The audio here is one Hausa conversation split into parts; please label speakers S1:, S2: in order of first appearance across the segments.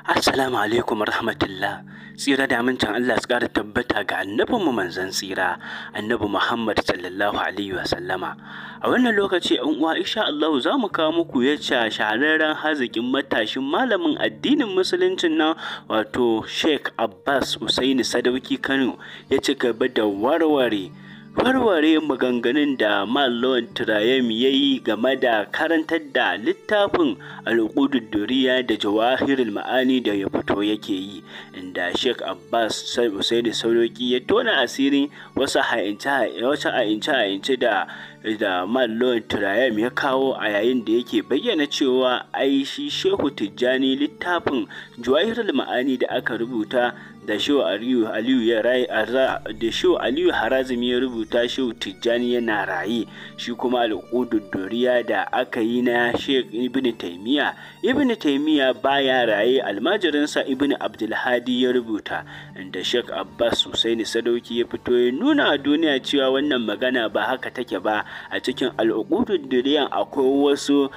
S1: Assalamu alaikum rahmatullah. Tsira da amincin Allah su ƙara tabbata ga annabin mu manzon tsira, annabi Muhammad sallallahu alaihi wa sallama. A wannan lokaci an uwa insha Allah za mu kawo muku yacca shahararren hazikin matashin malamin addinin musuluncin nan wato Sheikh Abbas Usaini Sadauki Kano ya ci gaba da warware warware maganganun da Malon Turayem ya yi game da karantar da littafin alƙudun duriya da jawahirul ma'ani da ya fito yake yi inda Sheikh Abbas sai da Sauroki ya tona asirin wasu ha'ince-ha'ince da da Malon Turayem ya kawo a yayin da yake bayyana cewa aishi Shehu Tijjani littafin jawahirul ma'ani da aka rubuta da shi aliyu aliyu ya rai da aliyu harazimi ya rubuta shehu tijjani yana raye shi kuma doriya da aka yi na sheikh ibn taimiya ibn taimiya baya raye almajirinsa ibn abdulhadi ya rubuta da sheikh abbas ne, sadauki ya fito ya nuna a duniya cewa wannan magana ba haka take ba a cikin alƙududduriyan akwai wasu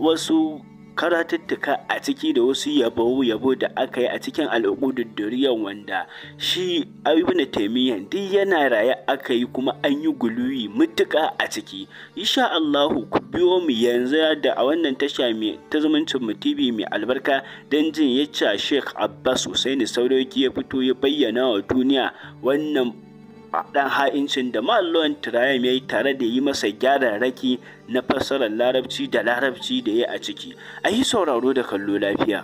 S1: wasu karatuttuka a ciki da wasu yabo yabo da aka yi a cikin al'uqudud duriyan wanda shi da taymiyyah duk yana raye aka yi kuma an yi guluyi mutuka a ciki insha Allahu ku biyo mu yanzu da a wannan tasha mai ta zumuncin mu TV mai albarka don jin yacca Sheikh Abbas hussaini Sauroki ya fito ya bayyana wa duniya wannan ba dan ha'incin da Malon tirayam ya yi tare da yi masa gyaran raki na fassarar larabci da larabci da ya a ciki a yi sauraro da kallo lafiya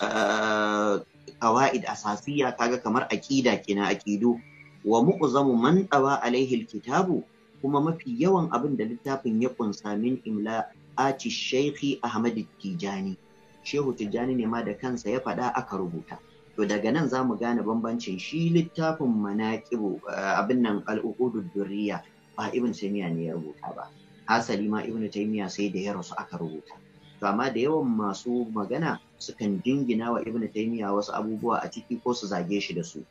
S2: ah, awa'id safiya kaga kamar aƙida kina aƙidu wa mu'zamu man a alaihi kitabu? kuma mafi yawan abin da littafin ya kunsa min imla Aci shaikhi Ahmad Tijani Shehu Tijani ne ma da kansa ya faɗa aka rubuta to daga nan za mu gane bambancin shi littafin manaƙibu eh, abin nan al duriya ba Ibn Taymiyyah ne ya rubuta ba hasali ma Ibn Taymiyyah sai da ya rasu aka rubuta to amma da yawan masu magana sukan dingina wa Ibn Taymiyyah wasu abubuwa a ciki ko su zage shi da su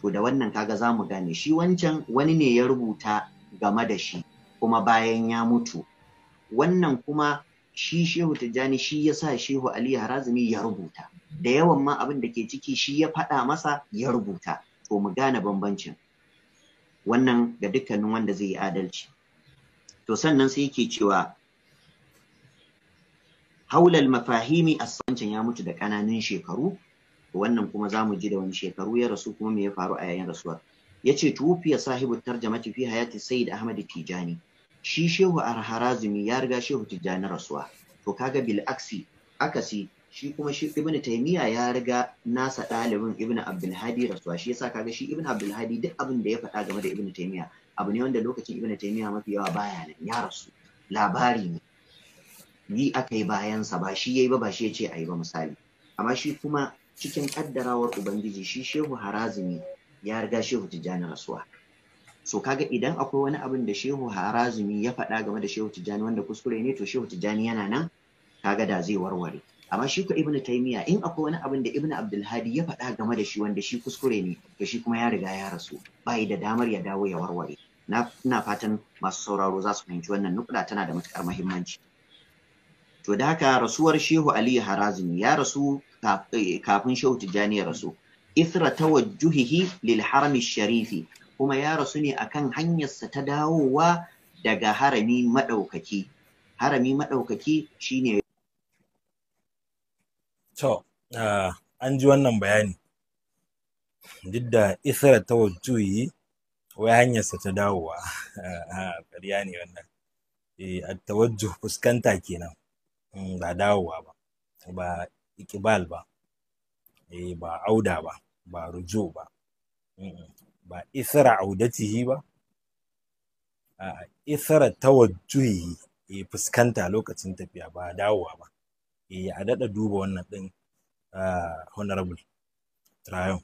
S2: to da wannan kaga za mu gane shi wancan wani ne ya rubuta game da shi kuma bayan ya mutu wannan kuma shi shehu tijjani shi ya sa shehu ali harazumi ya rubuta da yawan ma abin da ke ciki shi ya faɗa masa ya rubuta to mu gane bambancin wannan ga dukkanin wanda zai yi adalci to sannan sai yake cewa haulal mafahimi asancin ya mutu da ƙananun shekaru wannan kuma za mu ji da wani shekaru ya rasu kuma me ya faru a yayin rasuwa. ya ce tufiya sahibu tarjamati fi hayati sayyid ahmad tijani shi shehu arharazimi ya riga shehu tijjani rasuwa to kaga bil aksi akasi shi kuma shi ibnu taymiya ya riga nasa ɗalibin ibnu abdulhadi rasuwa shi yasa kaga shi ibnu abdulhadi duk abin da ya faɗa game da ibnu taymiya abu ne wanda lokacin ibnu taymiya mafi yawa baya nan ya rasu labari ne yi aka yi bayansa ba shi yayi ba ba shi ya ce a yi ba misali amma shi kuma cikin kaddarawar ubangiji shi shehu harazimi ya riga shehu tijjani rasuwa so kaga idan akwai wani abin da shehu harazumi ya faɗa game da shehu tijjani wanda kuskure ne to shehu tijjani yana nan kaga da zai warware amma shi ko ibnu taymiya in akwai wani abin da ibnu abdulhadi ya faɗa game da shi wanda shi kuskure ne to shi kuma ya riga ya rasu bai da damar ya dawo ya warware na fatan masu sauraro za su fahimci wannan nukuda tana da matukar muhimmanci to da haka rasuwar shehu aliyu harazumi ya rasu eh, kafin shehu tijjani ya rasu Isra tawajjuhihi lil harami sharifi kuma ya rasu ne a kan hanyarsa ta dawowa daga harami maɗaukaki harami maɗaukaki shine
S3: to an ji wannan bayani duk da isra ta wajuyi wai hanyarsa ta dawowa ƙarya ne wannan e, a tawajju fuskanta kenan mm, ba dawowa ba ba ikibal ba e, ba auda ba ba rujo ba ba isra audatihi ba a isra tawajjuhi ya fuskanta lokacin tafiya ba dawowa ba ya e, a daɗa duba wannan din, honorable trayon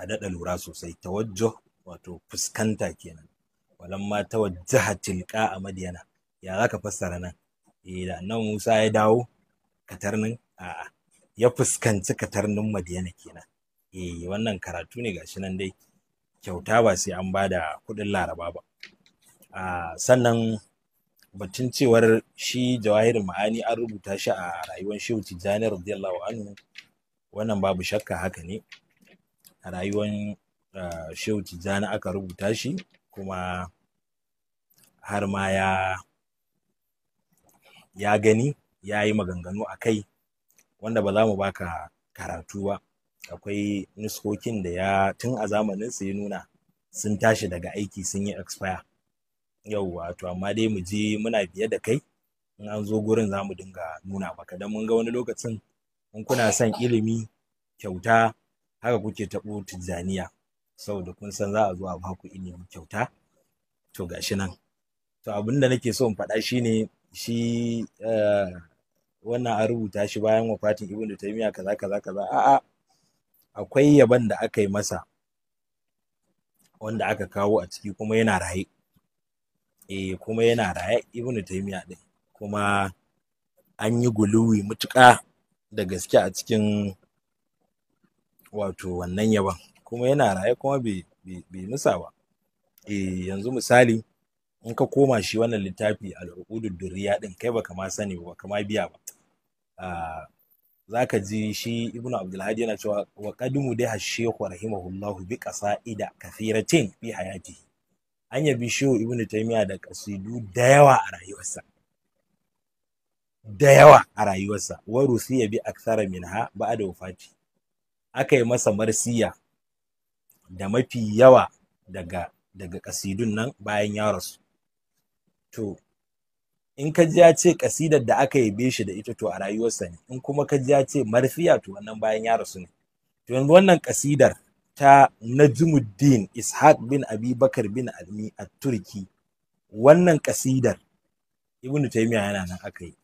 S3: a daɗa lura sosai tawajjo wato fuskanta kenan walamma tawajjaha tilqa a madiyana ya za ka fassara nan e da nan Musa ya dawo katarnin a'a ya fuskanci katarnin Madiyana kenan e wannan karatu ne gashi nan dai kyauta ba sai an ba da kuɗin laraba ba sannan batun cewar shi jawahirin ma'ani an rubuta shi a rayuwar shehu tijjani radiyallahu anhu wannan babu shakka haka ne a rayuwar shehu tijjani aka rubuta shi kuma har ma ya ya gani ya yi maganganu a kai wanda ba za mu baka karatu ba akwai nuskokin da ya tun a zamanin su ya nuna sun tashi daga aiki sun yi expire yau wato amma dai mu je muna biye da kai in an zo gurin za mu dinga nuna maka don mun ga wani lokacin in kuna son ilimi kyauta haka kuke taɓo tijjaniya saboda kun san za a zo a ba ku ilimi kyauta to gashi nan to abin da nake so in faɗa shine shi eh, wannan a rubuta shi bayan wafatin ibnu taymiya kaza kaza kaza a'a akwai yaban da aka yi masa wanda aka kawo a ciki kuma yana raye eh kuma yana raye ibnu taymiya din kuma an yi guluwi mutuƙa da gaske a cikin wato wannan yaban kuma yana raye kuma bai musa ba E yanzu misali in ka koma shi wannan littafi al'uqudud durriya din kai baka ma sani ba baka ma biya ba ah, zaka ji shi ibnu abdulhadi yana cewa wa qadimu dai hashehu rahimahullahu bi qasaida kathiratin bi hayati an yabi shehu ibnu taymiya da kasidu da yawa a rayuwarsa da yawa a rayuwarsa wa rusiya bi aksara minha da wafati aka yi masa marsiya da mafi yawa daga daga kasidun nan bayan ya rasu to in ka ji ya ce kasidar da aka yabe shi da ita to a rayuwarsa ne in kuma ka ji ya ce marfiya to wannan bayan ya rasu ne to yanzu wannan kasidar ta Najmuddin Ishaq bin Abi Bakar bin Almi a Turki wannan kasidar Ibn Taymiyyah yana nan aka yi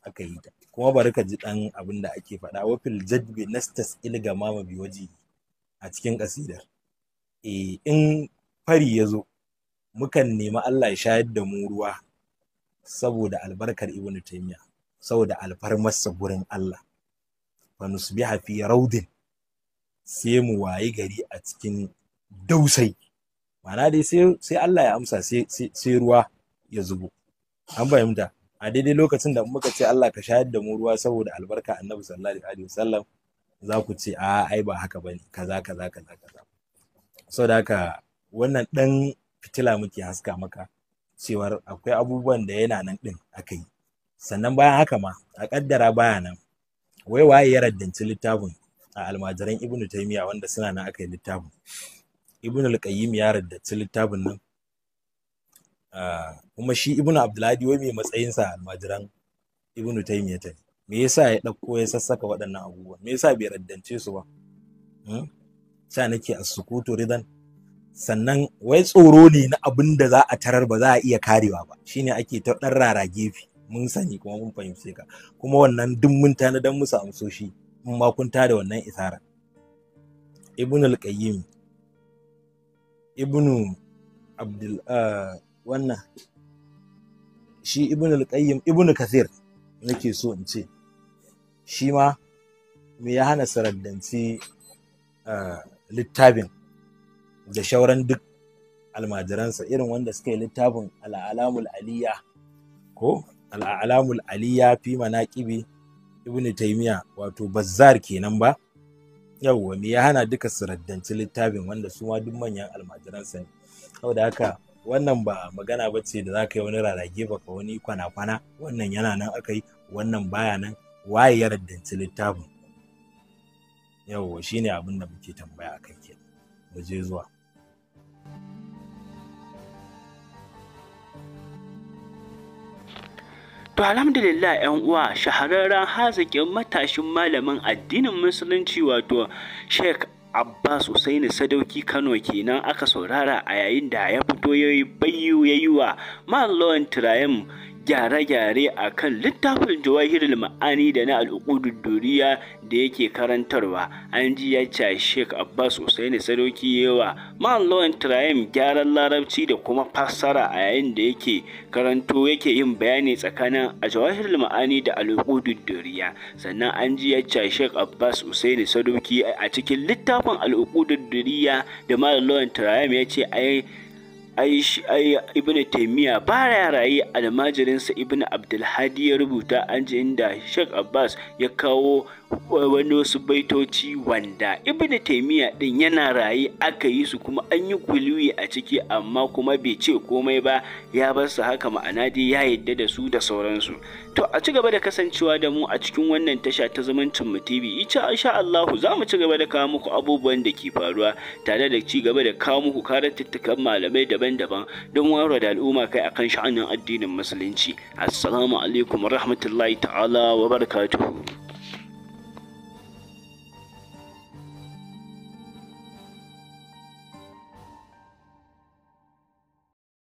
S3: ta kuma bari ka ji dan abin da ake faɗa wa fil jadbi nastas ma bi waji a cikin kasidar eh in fari ya zo mukan nemi Allah ya shayar da mu ruwa saboda albarkar ibn taymiya saboda alfarmarsa gurin Allah fa nusbiha fi raudin sai mu wayi gari a cikin dausai ma'ana dai sai Allah ya amsa sai ruwa ya zubo an fahimta a daidai lokacin da muka ce Allah ka shayar da mu ruwa saboda albarka annabi sallallahu alaihi wasallam za ku ce a ai ba haka bane kaza kaza kaza kaza saboda haka wannan dan fitila muke haska maka cewar akwai abubuwan da yana nan din aka yi sannan bayan haka ma a ƙaddara baya nan wai waye ya raddanci littafin a almajiran ibnu taimiya wanda suna nan aka yi littafin ibnu alƙayyim ya raddanci littafin nan ah, kuma shi ibnu abdulhadi wai mai matsayinsa a almajiran ibnu taimiya ta ne me yasa ya ɗauko ya sassaka waɗannan abubuwan me yasa bai raddance su ba hmm? sa nake a sukutu ridan sannan wai tsoro ne na abin da za a tarar ba za a iya karewa ba shine ake ta dan rara gefe mun sani kuma mun fahimce ka kuma wannan duk mun dan musu amsoshi mun ma kun da wannan isara ibn al-qayyim ibn abdul ah, wannan shi ibn al-qayyim ibn kathir nake so in ce shi ma me ya hana saraddanci ah, littafin da shauran duk almajiransa irin wanda suka yi littafin al'alamul aliyya ko al'alamul aliyya fi manaqibi ibn taymiya wato bazzar kenan ba yawwa me ya hana duka su raddanci littafin wanda su ma duk manyan almajiransa ne da haka wannan ba magana ba ce da za ka yi wani rarage ba ka wani kwana-kwana wannan yana nan aka yi wannan baya nan waye ya raddanci littafin yawwa shine abin da muke tambaya akan ke mu je zuwa To alhamdulillah
S1: ‘yan uwa shahararren hazikin matashin malamin addinin musulunci wato Sheikh Abbas husaini Sadauki Kano kenan aka saurara a yayin da ya fito ya yi bayu wa Marlon gyare-gyare a kan littafin jawahirul ma'ani da na al'ukudu duriya da yake karantarwa an ji ya ce Sheikh Abbas Usaini Sadoki yawa lawan Traim gyaran larabci da kuma fassara a yayin da yake karanto yake yin bayani tsakanin a jawahirul ma'ani da al'ukudu duriya sannan an ji ya ce Sheikh Abbas Usaini Sadoki a cikin littafin al'ukudu duriya da lawan Traim ya ce ai ai ibn taimiya ya raye almajirinsa ibn abdulhadi ya rubuta an ji inda sheikh abbas ya kawo eh, wani wasu baitoci wanda ibn taimiyya din yana raye aka yi su kuma an yi kuliwi a ciki amma kuma bai ce komai ba ya bar su haka ma'ana dai ya yadda da su da sauransu to a ci gaba da kasancewa da mu a cikin wannan tasha ta zumuncin mu tv insha Allahu za mu ci gaba da kawo muku abubuwan da ke faruwa tare da ci gaba da kawo muku tattakan malamai daban daban-daban don waro da al'umma kai akan sha'anin addinin musulunci assalamu alaikum rahmatullahi ta'ala wa barakatuhu